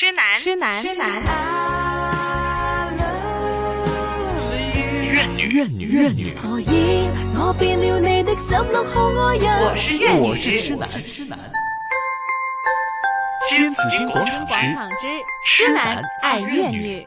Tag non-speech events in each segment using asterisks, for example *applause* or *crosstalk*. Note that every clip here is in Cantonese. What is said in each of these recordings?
痴男，痴男，怨女，怨女，怨女。我是怨女，我是痴男。金紫荊廣場之痴男愛怨女。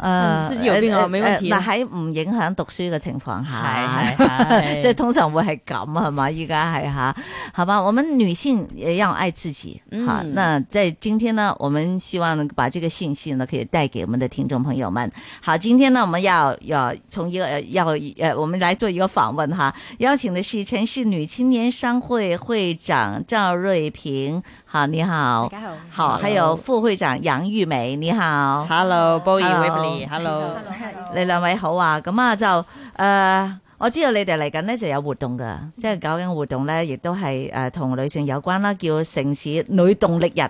嗯、自己有病哦，呃呃呃呃、沒問題。嗱還唔影響讀書嘅情況下，係即係通常會係咁啊，嘛？應該係吓，好吧，我們女性也要愛自己，嗯、好。那在今天呢，我們希望呢，把這個信息呢，可以帶給我們的聽眾朋友們。好，今天呢，我們要要從一個要誒、呃，我們來做一個訪問哈，邀請的是城市女青年商會會長趙瑞平，好，你好，大家好，好，還有副會長楊玉梅，你好，Hello，波伊維。Hello，, hello, hello. 你兩位好啊，咁啊就誒、呃，我知道你哋嚟緊咧就有活動噶即係搞緊活動咧，亦都係誒同女性有關啦，叫城市女動力日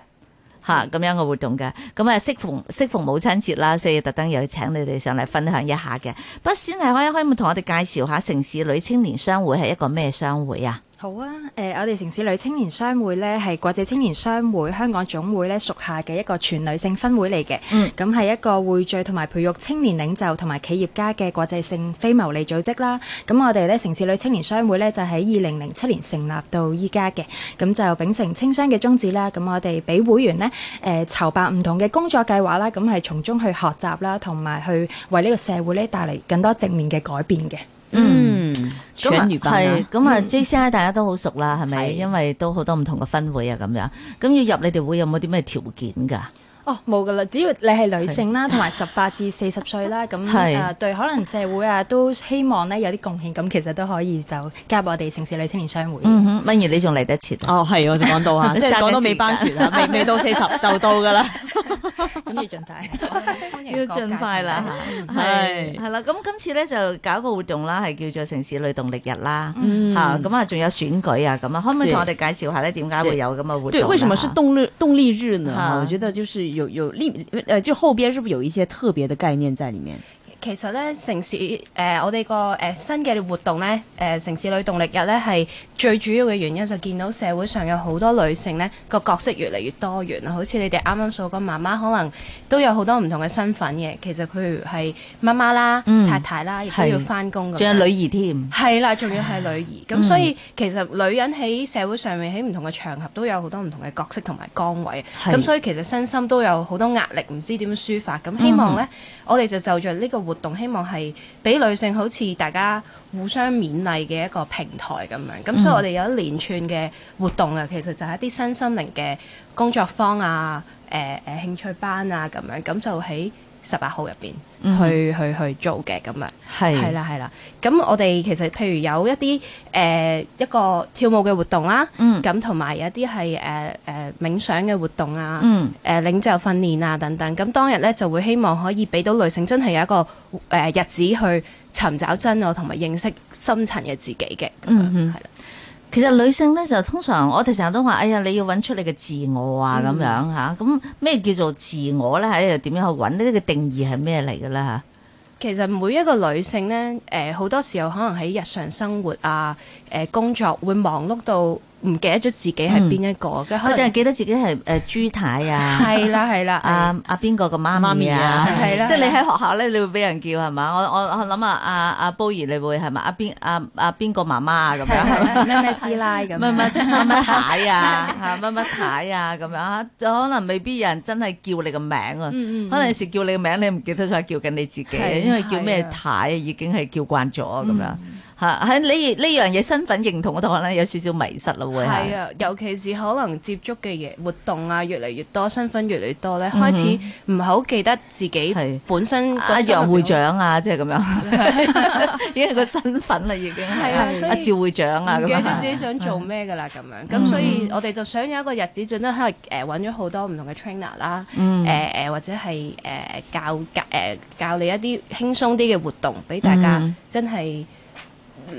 吓咁、啊、樣嘅活動嘅，咁啊適逢適逢母親節啦，所以特登又請你哋上嚟分享一下嘅。不先係可唔可以同我哋介紹下城市女青年商會係一個咩商會啊？好啊，誒、呃，我哋城市女青年商會呢，係國際青年商會香港總會呢屬下嘅一個全女性分會嚟嘅，咁係、嗯、一個匯聚同埋培育青年領袖同埋企業家嘅國際性非牟利組織啦。咁我哋呢城市女青年商會呢，就喺二零零七年成立到依家嘅，咁就秉承青商嘅宗旨啦。咁我哋俾會員呢誒籌、呃、辦唔同嘅工作計劃啦，咁係從中去學習啦，同埋去為呢個社會呢帶嚟更多正面嘅改變嘅。嗯，搶魚咁啊，JCI 大家都好熟啦，係咪、嗯？因為都好多唔同嘅分會啊，咁樣。咁要入你哋會有冇啲咩條件㗎？哦，冇噶啦，只要你係女性啦，同埋十八至四十歲啦，咁誒對可能社會啊都希望咧有啲貢獻，咁其實都可以就加入我哋城市女青年商會。乜嘢你仲嚟得切？哦，係，我就講到啊，即係講到尾班船啊，未未到四十就到噶啦。咁要盡快，要盡快啦嚇，係係啦。咁今次咧就搞個活動啦，係叫做城市女動力日啦吓，咁啊，仲有選舉啊咁啊，可唔可以同我哋介紹下咧點解會有咁嘅活動？對，為什麼是動力動力日呢？我覺得就是。有有另，呃，就後邊是不是有一些特別的概念在裏面？其實咧，城市誒、呃、我哋個誒、呃、新嘅活動咧，誒、呃、城市女動力日咧，係最主要嘅原因就見到社會上有好多女性咧個角色越嚟越多元啦。好似你哋啱啱所講，媽媽可能都有好多唔同嘅身份嘅。其實佢係媽媽啦、嗯、太太啦，亦都是要翻工嘅，仲有女兒添。係啦，仲要係女兒。咁、啊嗯、所以其實女人喺社會上面喺唔同嘅場合都有好多唔同嘅角色同埋崗位。咁是所以其實身心都有好多壓力，唔知點樣抒發。咁希望咧，我哋就就着呢個。嗯活動希望係俾女性好似大家互相勉勵嘅一個平台咁樣，咁所以我哋有一連串嘅活動啊，其實就係一啲新心靈嘅工作坊啊，誒、呃、誒、呃、興趣班啊咁樣，咁就喺。十八號入邊去去去做嘅咁樣，係係啦係啦，咁是我哋其實譬如有一啲誒、呃、一個跳舞嘅活動啦，嗯，咁同埋有一啲係誒誒冥想嘅活動啊，嗯，誒、呃、領袖訓練啊等等，咁當日呢，就會希望可以俾到女性真係有一個誒、呃、日子去尋找真我同埋認識深層嘅自己嘅咁樣係啦。嗯哼其實女性咧就通常我哋成日都話，哎呀，你要揾出你嘅自我啊咁、嗯、樣吓，咁咩叫做自我咧？喺度點樣去揾呢呢個定義係咩嚟嘅咧？吓，其實每一個女性咧，誒、呃，好多時候可能喺日常生活啊，誒、呃，工作會忙碌到，唔記得咗自己係邊一個，佢凈係記得自己係誒、呃、朱太，太啊，係啦係啦，阿阿邊個個媽媽咪啊、嗯，係啦，即係你喺學校咧，你會俾人叫係嘛？我我諗啊，阿阿波兒，你會係咪？阿邊阿阿邊個媽媽啊咁樣，咩咩師奶咁，咩咩咩咩太啊，嚇咩咩太啊咁樣，就 *laughs* 可能未必有人真係叫你個名啊，嗯、可能有時叫你個名，你唔記得咗叫緊你自己，的因為叫咩太，太已經係叫慣咗咁樣。嗯喺呢呢樣嘢，身份認同我，同學咧，有少少迷失啦，會係啊，尤其是可能接觸嘅嘢活動啊，越嚟越多身份越嚟越多咧，開始唔係好記得自己本身阿楊會長啊，即係咁樣已經係個身份啦，已經係阿趙會長啊，唔記得自己想做咩噶啦，咁樣咁，所以我哋就想有一個日子，盡量喺誒搵咗好多唔同嘅 trainer 啦，誒誒或者係誒教誒教你一啲輕鬆啲嘅活動，俾大家真係。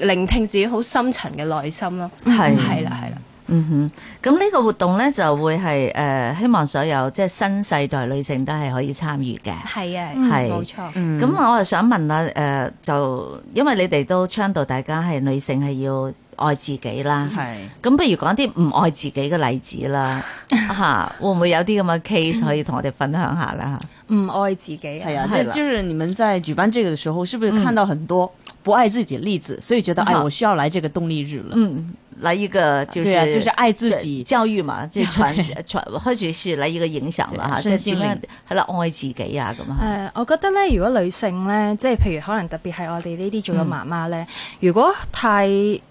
聆聽自己好深沉嘅內心咯，係係啦係啦，嗯哼。咁呢個活動咧就會係誒，希望所有即係新世代女性都係可以參與嘅，係啊，係冇錯。咁我就想問下誒，就因為你哋都倡導大家係女性係要愛自己啦，係。咁不如講啲唔愛自己嘅例子啦，吓會唔會有啲咁嘅 case 可以同我哋分享下啦？唔愛自己啊？係啊，這就是你們在舉辦這個的時候，是不是看到很多？不愛自己的例子，所以覺得，好哎，我需要來這個動力日了。嗯來一個，就是、啊、就是愛自己教育嘛，即係傳傳，或是呵呵 來一個影響啦，吓在心裏，係啦愛自己啊咁樣。誒、嗯，我覺得咧，如果女性咧，即係譬如可能特別係我哋呢啲做咗媽媽咧，如果太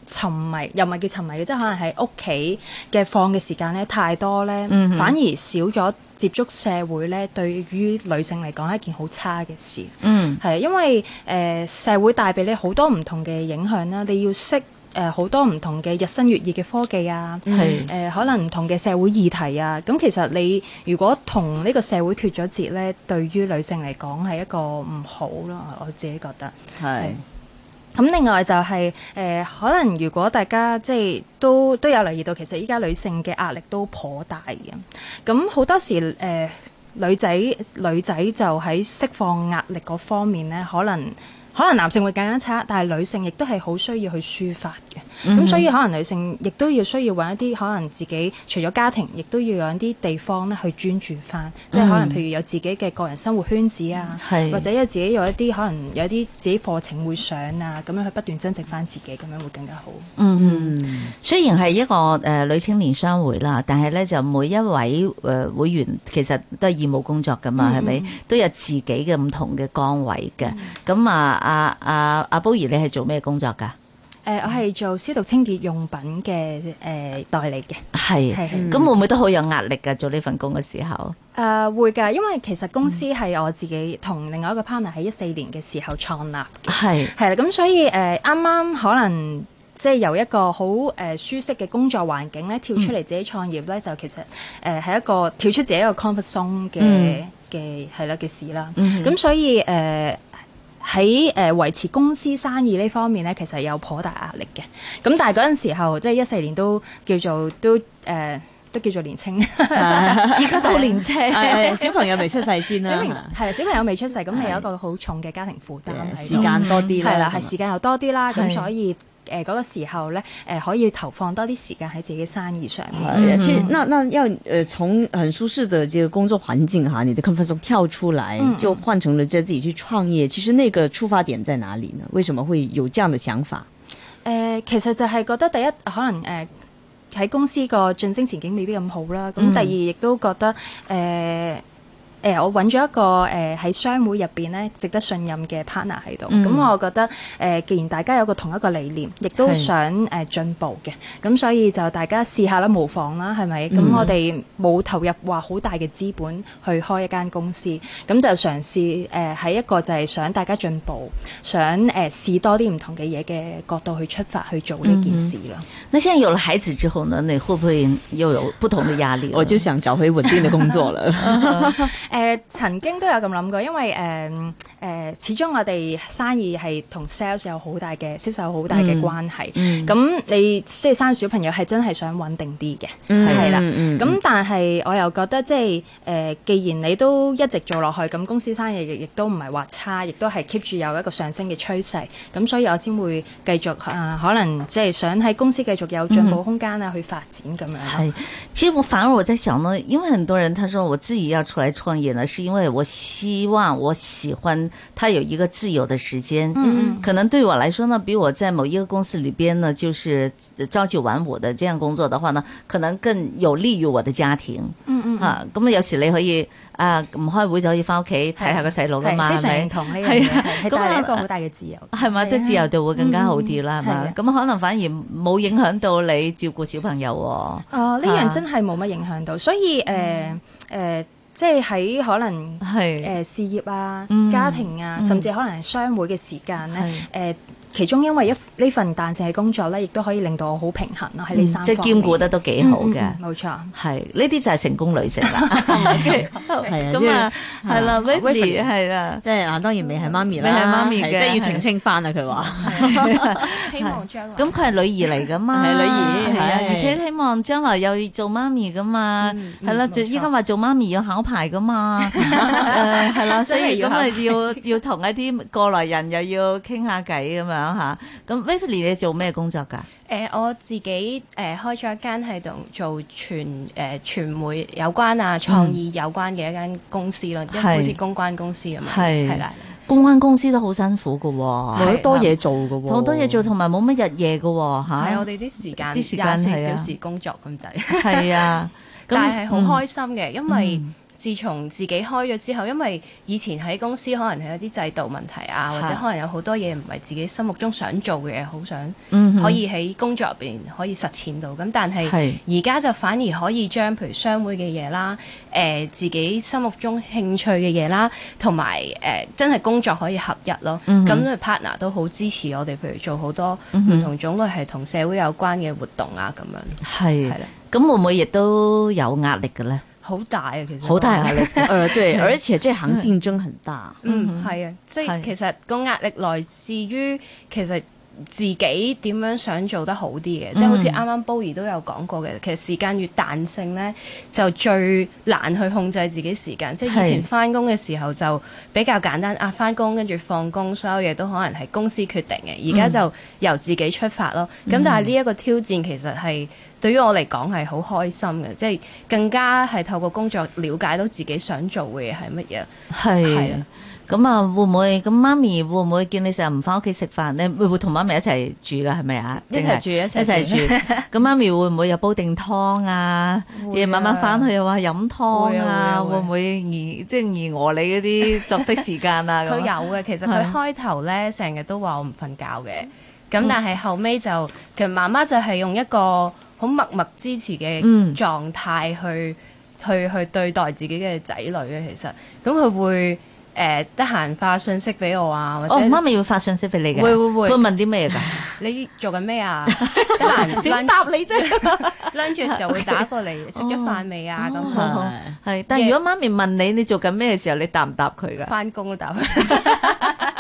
沉迷，又唔係叫沉迷嘅，即係可能喺屋企嘅放嘅時間咧太多咧，反而少咗接觸社會咧，對於女性嚟講係一件好差嘅事。嗯，係因為誒、呃、社會帶俾你好多唔同嘅影響啦，你要識。誒好、呃、多唔同嘅日新月異嘅科技啊，誒、嗯呃、可能唔同嘅社會議題啊，咁其實你如果同呢個社會脫咗節咧，對於女性嚟講係一個唔好咯，我自己覺得。係是。咁、嗯、另外就係、是、誒、呃，可能如果大家即係都都有留意到，其實依家女性嘅壓力都頗大嘅。咁好多時誒、呃、女仔女仔就喺釋放壓力嗰方面咧，可能。可能男性會更加差，但係女性亦都係好需要去抒發嘅。咁、嗯、哼所以可能女性亦都要需要揾一啲可能自己除咗家庭，亦都要有一啲地方咧去專注翻，嗯、即係可能譬如有自己嘅個人生活圈子啊，是或者有自己有一啲可能有啲自己課程會上啊，咁樣去不斷增值翻自己，咁樣會更加好。嗯嗯，雖然係一個誒女青年商會啦，但係咧就每一位誒會員其實都係義務工作噶嘛，係咪、嗯、哼都有自己嘅唔同嘅崗位嘅？咁啊～阿阿阿 Boyi，你係做咩工作㗎？誒，我係做消毒清潔用品嘅誒代理嘅。係係。咁會唔會都好有壓力㗎？做呢份工嘅時候？誒會㗎，因為其實公司係我自己同另外一個 partner 喺一四年嘅時候創立。係係啦，咁所以誒啱啱可能即係由一個好誒舒適嘅工作環境咧跳出嚟自己創業咧，就其實誒係一個跳出自己一個 comfort zone 嘅嘅係啦嘅事啦。咁所以誒。喺誒、呃、維持公司生意呢方面咧，其實有頗大壓力嘅。咁但係嗰陣時候，即、就、係、是、一四年都叫做都誒、呃，都叫做年青，而家 *laughs* *laughs* 都好年青、 *laughs* 哎，小朋友未出世先啦。係小，小朋友未出世，咁係的有一個好重嘅家庭負擔，時間多啲啦。係啦、嗯，係時間又多啲啦，咁的所以。誒嗰、呃，那個時候咧，誒、呃、可以投放多啲時間喺自己嘅生意上面。係， *noise* 那那因為誒從很舒適嘅這個工作環境下，啊，你的 comfort zone，跳出來，就換成了即自己去創業。其實那個出發點在哪裡呢？為什麼會有這樣的想法？誒、嗯呃，其實就係覺得第一，可能誒喺、呃、公司個晉升前景未必咁好啦。咁第二亦都覺得誒。呃誒、呃，我揾咗一個誒喺、呃、商會入邊咧值得信任嘅 partner 喺度，咁、嗯嗯、我覺得誒、呃，既然大家有個同一個理念，亦都想誒進是、呃、步嘅，咁、嗯、所以就大家試下啦，模仿啦，係咪？咁我哋冇投入話好大嘅資本去開一間公司，咁就嘗試誒喺一個就係想大家進步，想誒試多啲唔同嘅嘢嘅角度去出發去做呢件事啦。你現在有了孩子之後呢，你會不會又有不同的壓力？我就想找回穩定的工作啦。 *laughs* *laughs* 誒曾經都有咁諗過，因為誒誒、呃呃、始終我哋生意係同 sales 有好大嘅銷售，好大嘅關係。咁、嗯嗯、你即係生小朋友係真係想穩定啲嘅，係啦、嗯。咁、嗯嗯嗯、但係我又覺得即係誒，既然你都一直做落去，咁公司生意亦都唔係話差，亦都係 keep 住有一個上升嘅趨勢。咁、嗯嗯、所以我先會繼續啊、呃，可能即係想喺公司繼續有進步空間啊，嗯、去發展咁樣。係，其實我反而我在想咯，因為很多人，佢話我自己要出來創業。 *noise* 也呢，是因為我希望我喜歡他有一個自由的時間嗯。嗯，可能對我來說呢，比如我在某一個公司裏邊呢，就是朝九晚五的這樣工作的話呢，可能更有利於我的家庭。嗯嗯，嗯嗯啊，咁啊有時你可以啊唔開會就可以翻屋企睇下個細路噶嘛，係咪、嗯？嗯呃、同係啊，都係一個好大嘅自由，係嘛， *laughs* 即係自由度會更加好啲啦，係嘛、嗯。咁、嗯啊、可能反而冇影響到你照顧小朋友。哦、啊，呢樣真係冇乜影響到，所以誒誒。啊啊啊啊即係喺可能誒係、呃、事業啊、家庭啊，嗯、甚至可能係商會嘅時間咧誒。嗯呃其中因為一呢份彈性嘅工作咧，亦都可以令到我好平衡咯。喺呢三即係兼顧得都幾好嘅。冇錯，係呢啲就係成功女性啦。係啊，咁啊係啦，Wendy 係啦，即係啊當然未係媽咪啦，未係媽咪嘅，即係要澄清返啊佢話。希望將來咁佢係女兒嚟噶嘛？係女兒係啊，而且希望將來又要做媽咪噶嘛？係啦，依家話做媽咪要考牌噶嘛？係啦，所以咁啊要要同一啲過來人又要傾下偈咁啊。吓，咁 r i v l y 你做咩工作噶？誒、嗯，我自己誒、呃、開咗一間係同做傳誒傳媒有關啊，創意有關嘅一間公司咯，即係好似公關公司咁樣。係係啦，的的公關公司都好辛苦噶、哦，好的多嘢做噶，好多嘢做同埋冇乜日夜噶吓、哦。喺我哋啲時間啲時間係小時工作咁滯。係啊，但係係好開心嘅，嗯、因為，自從自己開咗之後，因為以前喺公司可能係一啲制度問題啊，或者可能有好多嘢唔係自己心目中想做嘅嘢，好想可以喺工作入邊可以實踐到。咁但係而家就反而可以將譬如商會嘅嘢啦，誒、呃、自己心目中興趣嘅嘢啦，同埋誒真係工作可以合一咯。咁、嗯、哼 partner 都好支持我哋，譬如做好多唔同種類係同社會有關嘅活動啊，咁樣係係啦。咁是的會唔會亦都有壓力嘅呢？好大啊，其實壓好大壓、啊、力，誒， *laughs* 對，對而且即這行競爭很大。嗯，係啊，即係其實個壓力來自於其實自己點樣想做得好啲嘅，即係、嗯、好似啱啱 Boyi 都有講過嘅，其實時間越彈性呢，就最難去控制自己時間。即係以前翻工嘅時候就比較簡單，的啊，翻工跟住放工，所有嘢都可能係公司決定嘅，而家就由自己出發咯。咁、嗯嗯、但係呢一個挑戰其實係。對於我嚟講係好開心嘅，即係更加係透過工作了解到自己想做嘅嘢係乜嘢。係係是啊，咁啊那那會唔會咁媽咪會唔會見你成日唔翻屋企食飯？你會唔會同媽咪一齊住㗎？係咪啊？一齊住一齊住。咁 *laughs* 起 *laughs* 媽咪會唔會又煲定湯啊？夜 *laughs* 晚晚翻去又話飲湯啊？ *laughs* 會唔、啊、會而即係而餓你嗰啲作息時間啊？佢 *laughs* 有嘅，其實佢開頭咧成日都話我唔瞓覺嘅，咁 *laughs* 但係後尾就其實媽媽就係用一個。好默默支持嘅狀態去去去對待自己嘅仔女嘅其實，咁佢會誒得閒發信息俾我啊，或者，哦，媽咪會發信息俾你嘅，會會會，會問啲咩㗎？你做緊咩啊？得閒點答你啫？lunch 嘅時候會打過嚟，食咗飯未啊？咁，係，但係如果媽咪問你你做緊咩嘅時候，你答唔答佢㗎？翻工都，答佢。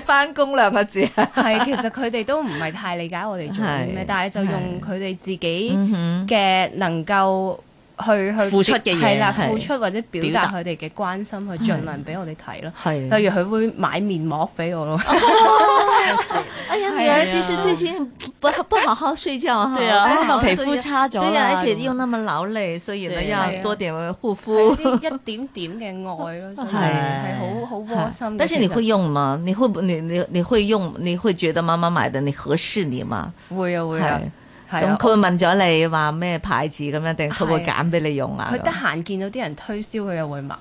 翻工兩個字，係 *music* 其實佢哋都唔係太理解我哋做啲咩，是但係就用佢哋自己嘅能夠。去去付出嘅嘢係啦，付出或者表達佢哋嘅關心，去盡量俾我哋睇咯。係，例如佢會買面膜俾我咯。哎呀，女兒其實最近不不好好睡覺哈，對啊皮膚差咗。對呀，而且又那麼勞累，所以呢要多點護膚。係啲一點點嘅愛咯，所以係好好窩心。但是你會用嗎？你會你你你會用？你會覺得媽媽買的你合適你嗎？會啊會啊。佢會問咗你話咩牌子咁樣，定佢會揀俾你用啊？佢得閒見到啲人推銷，佢又會買。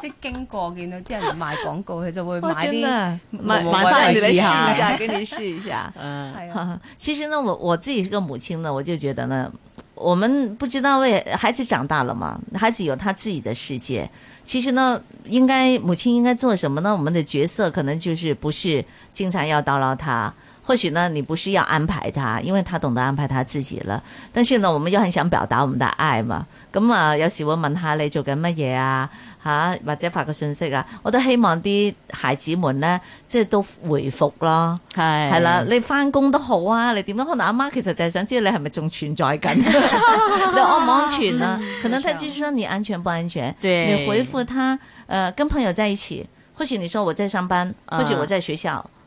即係 *laughs* *laughs* 經過見到啲人賣廣告，佢 *laughs* 就會買啲買翻嚟試下。跟你 *laughs* 試一下。嗯，係啊。其實呢，我我自己是個母親呢，我就覺得呢，我們不知道為孩子長大了嘛，孩子有他自己的世界。其實呢，應該母親應該做什麼呢？我們的角色可能就是不是經常要叨嘮他。或許呢，你不需要安排他，因為他懂得安排他自己了。但是呢，我們又很想表達我們的愛嘛。咁、嗯、啊，有時會問下你做緊乜嘢啊，吓、啊、或者發個信息啊。我都希望啲孩子們呢，即係都回覆咯。係係是啦，你翻工都好啊。你點樣可能阿媽其實就係想知道你係咪仲存在緊， *laughs* *laughs* 你安唔安全啊？ *laughs* 嗯嗯、可能他就是說你安全不安全？對你回覆他，誒、呃，跟朋友在一起。或許你說我在上班，或許我在學校。嗯 *laughs*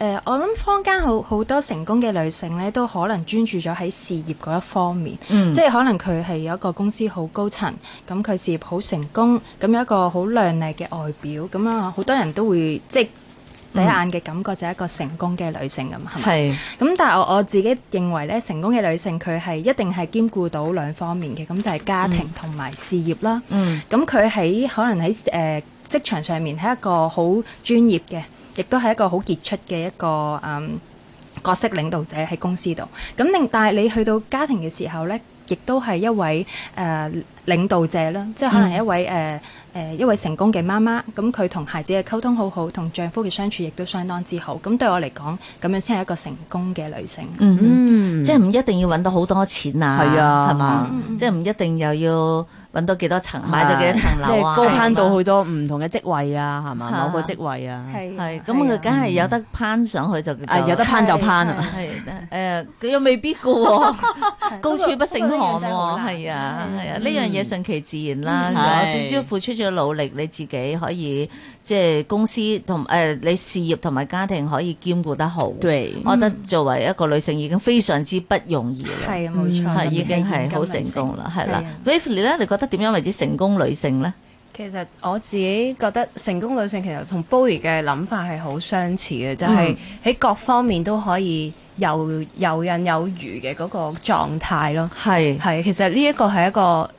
誒、呃，我諗坊間好好多成功嘅女性咧，都可能專注咗喺事業嗰一方面，嗯、即係可能佢係有一個公司好高層，咁佢事業好成功，咁有一個好靚麗嘅外表，咁啊好多人都會即係第一眼嘅感覺就係一個成功嘅女性咁，係咪？係。咁但係我我自己認為咧，成功嘅女性佢係一定係兼顧到兩方面嘅，咁就係家庭同埋事業啦。嗯。咁佢喺可能喺誒、呃、職場上面係一個好專業嘅。亦都係一個好傑出嘅一個嗯、角色領導者喺公司度，咁另但係你去到家庭嘅時候咧，亦都係一位誒、呃領導者啦，即係可能係一位誒誒一位成功嘅媽媽，咁佢同孩子嘅溝通好好，同丈夫嘅相處亦都相當之好。咁對我嚟講，咁樣先係一個成功嘅女性。嗯，即係唔一定要揾到好多錢啊，係啊，係嘛？即係唔一定又要揾到幾多層買咗幾多層樓，即係高攀到好多唔同嘅職位啊，係嘛？某個職位啊，係係咁佢梗係有得攀上去就誒有得攀就攀，啊，係誒佢又未必嘅，高處不勝寒喎，係啊係啊呢樣嘢。順其自然啦，最主要付出咗努力，你自己可以即係公司同誒你事業同埋家庭可以兼顧得好。對，我覺得作為一個女性已經非常之不容易啦，係啊，冇錯，係已經係好成功啦，係啦。Waverly 咧，你覺得點樣為之成功女性咧？其實我自己覺得成功女性其實同 Bowie 嘅諗法係好相似嘅，就係喺各方面都可以游游刃有餘嘅嗰個狀態咯。係係，其實呢一個係一個。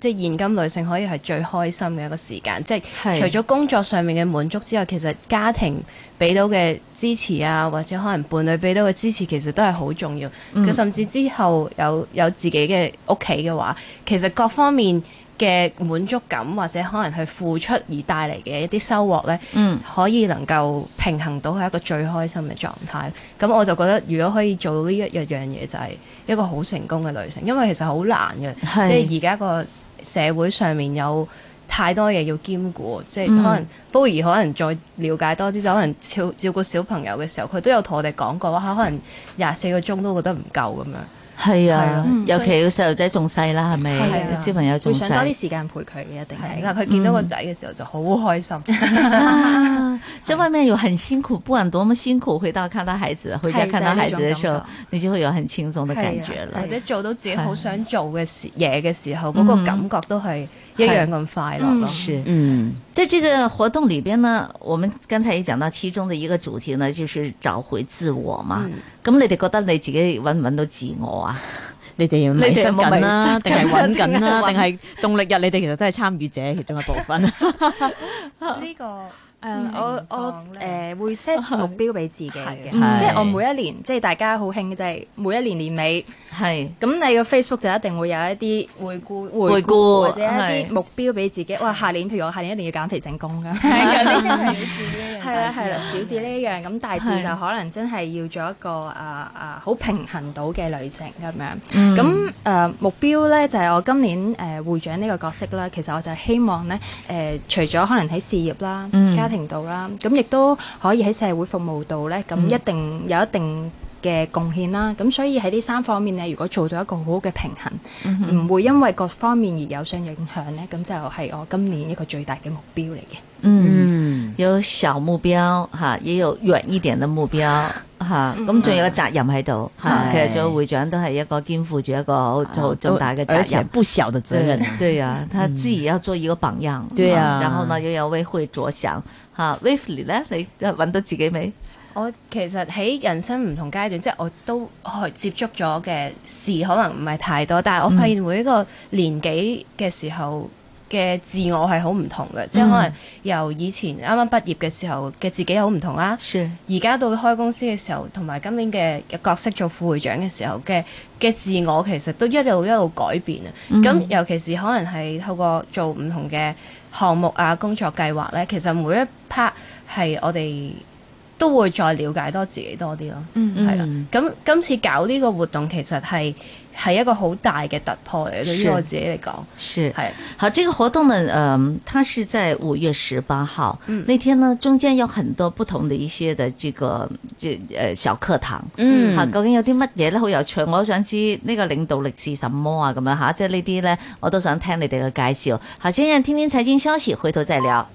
即係現今女性可以係最開心嘅一個時間，即係是除咗工作上面嘅滿足之外，其實家庭俾到嘅支持啊，或者可能伴侶俾到嘅支持，其實都係好重要。佢、嗯、甚至之後有有自己嘅屋企嘅話，其實各方面嘅滿足感，或者可能係付出而帶嚟嘅一啲收穫呢嗯，可以能夠平衡到係一個最開心嘅狀態。咁我就覺得，如果可以做到呢一一樣嘢，就係、是、一個好成功嘅女性，因為其實好難嘅，是即係而家個社會上面有太多嘢要兼顧，嗯、哼即係可能。Bowie 可能再了解多啲，就可能照照顧小朋友嘅時候，佢都有同我哋講過話，可能廿四個鐘都覺得唔夠咁樣。係啊，尤其個細路仔仲細啦，係咪？小朋友仲想多啲時間陪佢嘅一定係。嗱，佢見到個仔嘅時候就好開心。在外面有很辛苦，不管多麼辛苦，回到看到孩子，回家看到孩子嘅時候，你就會有很輕鬆嘅感覺了。或者做到自己好想做嘅事嘢嘅時候，嗰個感覺都係。一樣咁快樂咯。嗯，是。嗯，在這個活動裏邊呢，我們剛才也講到其中的一個主題呢，就是找回自我嘛。咁、嗯、你哋覺得你自己搵唔搵到自我啊？你哋要理想，緊啦、啊，定係搵緊啦，定係 *laughs* 動力日？你哋其實都係參與者其中一部分。呢 *laughs* *laughs* 這個。誒，我我誒會 set 目標俾自己嘅，即係我每一年，即係大家好興嘅就係每一年年尾係，咁你個 Facebook 就一定會有一啲回顧回顧或者一啲目標俾自己。哇，下年譬如我下年一定要減肥成功噶。係啦係啦，小志呢一樣咁大致就可能真係要做一個啊啊好平衡到嘅旅程咁樣。咁誒目標咧就係我今年誒會長呢個角色啦。其實我就希望咧誒除咗可能喺事業啦，庭度啦，咁亦都可以喺社會服務度呢，咁一定有一定嘅貢獻啦。咁所以喺呢三方面呢，如果做到一個好好嘅平衡，唔、嗯、哼會因為各方面而有所影響呢。咁就係我今年一個最大嘅目標嚟嘅。嗯，嗯有小目標吓，也有遠一點的目標。 *laughs* 吓，咁仲、嗯嗯、有個責任喺度，係是其實做會長都係一個肩負住一個好重大嘅責任，啊、不小嘅責任。對啊，對呀嗯、他自己要做一個榜樣，對啊呀、嗯，然後呢又有為會着想，吓、啊。呀 Wifly 咧，你搵到自己未？我其實喺人生唔同階段，即係我都去接觸咗嘅事，可能唔係太多，但係我發現每一個年紀嘅時候。嗯嘅自我係好唔同嘅，即係可能由以前啱啱畢業嘅時候嘅自己好唔同啦、啊，而家是到開公司嘅時候，同埋今年嘅角色做副會長嘅時候嘅嘅自我其實都一路一路改變啊！咁、嗯、尤其是可能係透過做唔同嘅項目啊、工作計劃呢，其實每一 part 係我哋，都會再了解多自己多啲咯，係啦、嗯。咁今次搞呢個活動其實係係一個好大嘅突破嚟，對於我自己嚟講，是係。是的。好，這個活動呢，嗯、呃，它是在五月十八號，嗯，那天呢，中間有很多不同嘅一些嘅、這個，即誒小課堂，嗯，吓，究竟有啲乜嘢咧好有趣？我都想知呢個領導力是什麼啊？咁樣吓，即係呢啲咧，我都想聽你哋嘅介紹。好，先聽聽財經消息，回頭再聊。